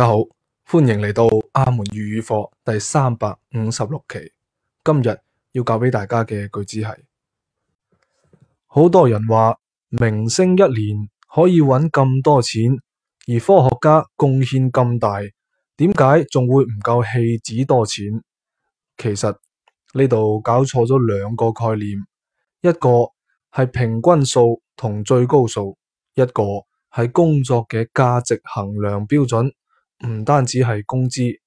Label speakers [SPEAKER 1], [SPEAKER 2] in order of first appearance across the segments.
[SPEAKER 1] 大家好，歡迎嚟到阿門粵語課第三百五十六期。今日要教俾大家嘅句子係：好多人話明星一年可以揾咁多錢，而科學家貢獻咁大，點解仲會唔夠戲子多錢？其實呢度搞錯咗兩個概念，一個係平均數同最高數，一個係工作嘅價值衡量標準。唔單止係工資，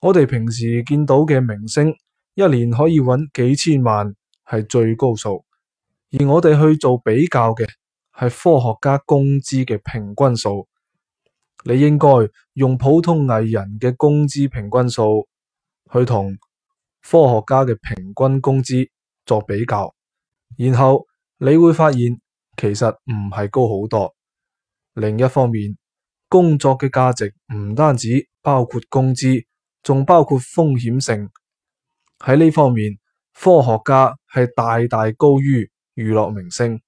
[SPEAKER 1] 我哋平時見到嘅明星一年可以搵幾千萬，係最高數。而我哋去做比較嘅係科學家工資嘅平均數。你應該用普通藝人嘅工資平均數去同科學家嘅平均工資作比較，然後你會發現其實唔係高好多。另一方面。工作嘅價值唔單止包括工資，仲包括風險性。喺呢方面，科學家係大大高於娛樂明星。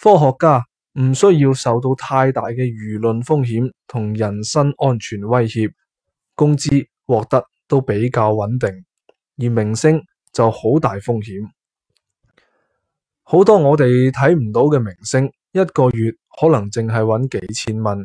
[SPEAKER 1] 科學家唔需要受到太大嘅輿論風險同人身安全威脅，工資獲得都比較穩定，而明星就好大風險。好多我哋睇唔到嘅明星，一個月可能淨係搵幾千蚊。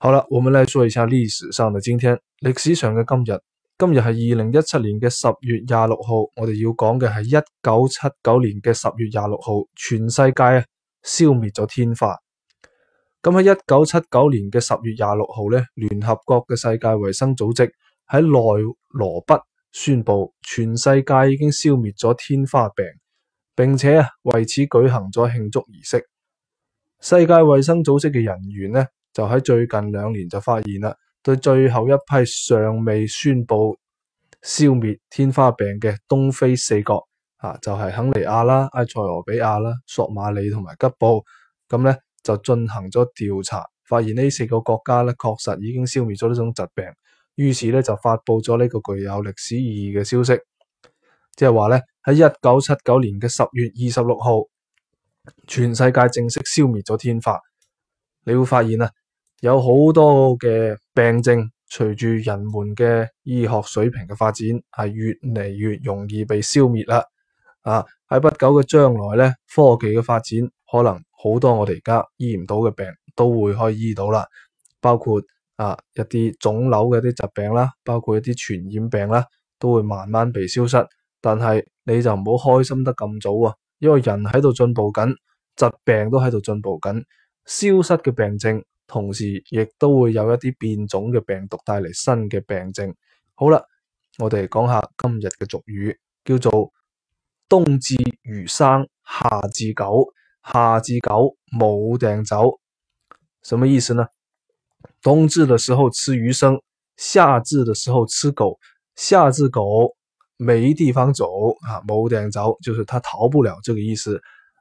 [SPEAKER 1] 好啦，我咪嚟介紹一下歷史上嘅今天，歷史上嘅今日，今日係二零一七年嘅十月廿六號。我哋要講嘅係一九七九年嘅十月廿六號，全世界啊消滅咗天花。咁喺一九七九年嘅十月廿六號咧，聯合國嘅世界衛生組織喺內羅畢宣布全世界已經消滅咗天花病，並且啊為此舉行咗慶祝儀式。世界衛生組織嘅人員呢。就喺最近兩年就發現啦，對最後一批尚未宣布消滅天花病嘅東非四國，啊，就係肯尼亞啦、埃塞俄比亞啦、索馬里同埋吉布，咁咧就進行咗調查，發現呢四個國家咧確實已經消滅咗呢種疾病，於是咧就發布咗呢個具有歷史意義嘅消息，即係話咧喺一九七九年嘅十月二十六號，全世界正式消滅咗天花。你會發現啊～有好多嘅病症，隨住人們嘅醫學水平嘅發展，係越嚟越容易被消滅啦。啊，喺不久嘅將來咧，科技嘅發展可能好多我哋而家醫唔到嘅病都會可以醫到啦，包括啊一啲腫瘤嘅啲疾病啦，包括一啲傳染病啦，都會慢慢被消失。但係你就唔好開心得咁早啊，因為人喺度進步緊，疾病都喺度進步緊，消失嘅病症。同時，亦都會有一啲變種嘅病毒帶嚟新嘅病症。好啦，我哋講下今日嘅俗語，叫做冬至魚生，夏至狗。夏至狗冇定走，什麼意思呢？冬至嘅時候吃魚生，夏至嘅時候吃狗。夏至狗冇地方走啊，冇定走，就是它逃不了，這個意思。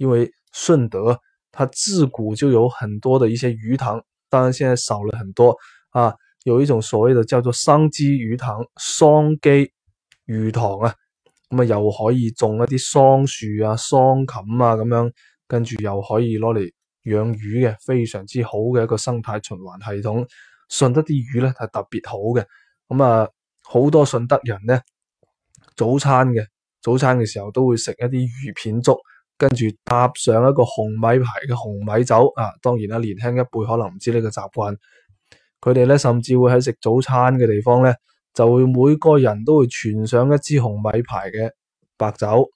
[SPEAKER 1] 因為順德，它自古就有很多的一些魚塘，當然現在少了很多啊。有一種所謂的叫做桑基魚塘，桑基魚塘啊，咁、嗯、啊又可以種一啲桑樹啊、桑冚啊咁樣，跟住又可以攞嚟養魚嘅，非常之好嘅一個生態循環系統。順德啲魚呢係特別好嘅，咁、嗯、啊好多順德人呢，早餐嘅早餐嘅時候都會食一啲魚片粥。跟住搭上一個紅米牌嘅紅米酒啊，當然啦，年輕一輩可能唔知呢個習慣，佢哋咧甚至會喺食早餐嘅地方咧，就會每個人都會傳上一支紅米牌嘅白酒，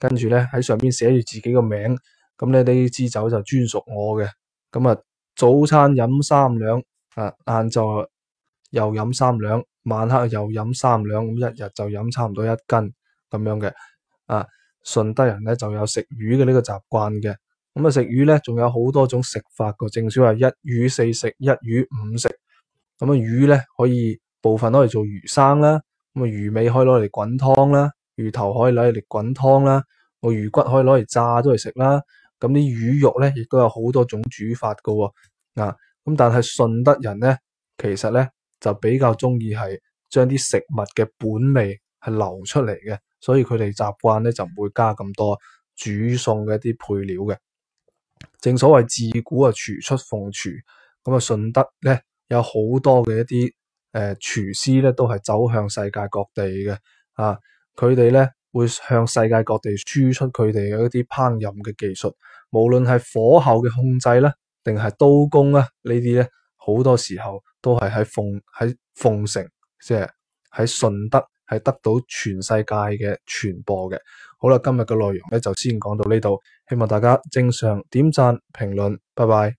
[SPEAKER 1] 跟住咧喺上邊寫住自己嘅名，咁咧呢支酒就專屬我嘅。咁、嗯、啊，早餐飲三兩，啊晏晝又飲三兩，晚黑又飲三兩，咁、嗯、一日就飲差唔多一斤咁樣嘅，啊。順德人咧就有食魚嘅、嗯、呢個習慣嘅，咁啊食魚咧仲有好多種食法噶，正所謂一魚四食、一魚五食，咁、嗯、啊魚咧可以部分攞嚟做魚生啦，咁、嗯、啊魚尾可以攞嚟滾湯啦，魚頭可以攞嚟滾湯啦，個魚骨可以攞嚟炸咗嚟食啦，咁、嗯、啲魚肉咧亦都有好多種煮法噶、哦，啊，咁、嗯、但係順德人咧其實咧就比較中意係將啲食物嘅本味。係流出嚟嘅，所以佢哋習慣咧就唔會加咁多煮餸嘅一啲配料嘅。正所謂自古啊，廚出鳳廚。咁啊，順德咧有好多嘅一啲誒廚師咧，都係走向世界各地嘅。啊，佢哋咧會向世界各地輸出佢哋嘅一啲烹飪嘅技術，無論係火候嘅控制咧，定係刀工啊，這些呢啲咧好多時候都係喺鳳喺鳳城，即係喺順德。係得到全世界嘅傳播嘅，好啦，今日嘅內容咧，就先講到呢度，希望大家正常點讚、評論，拜拜。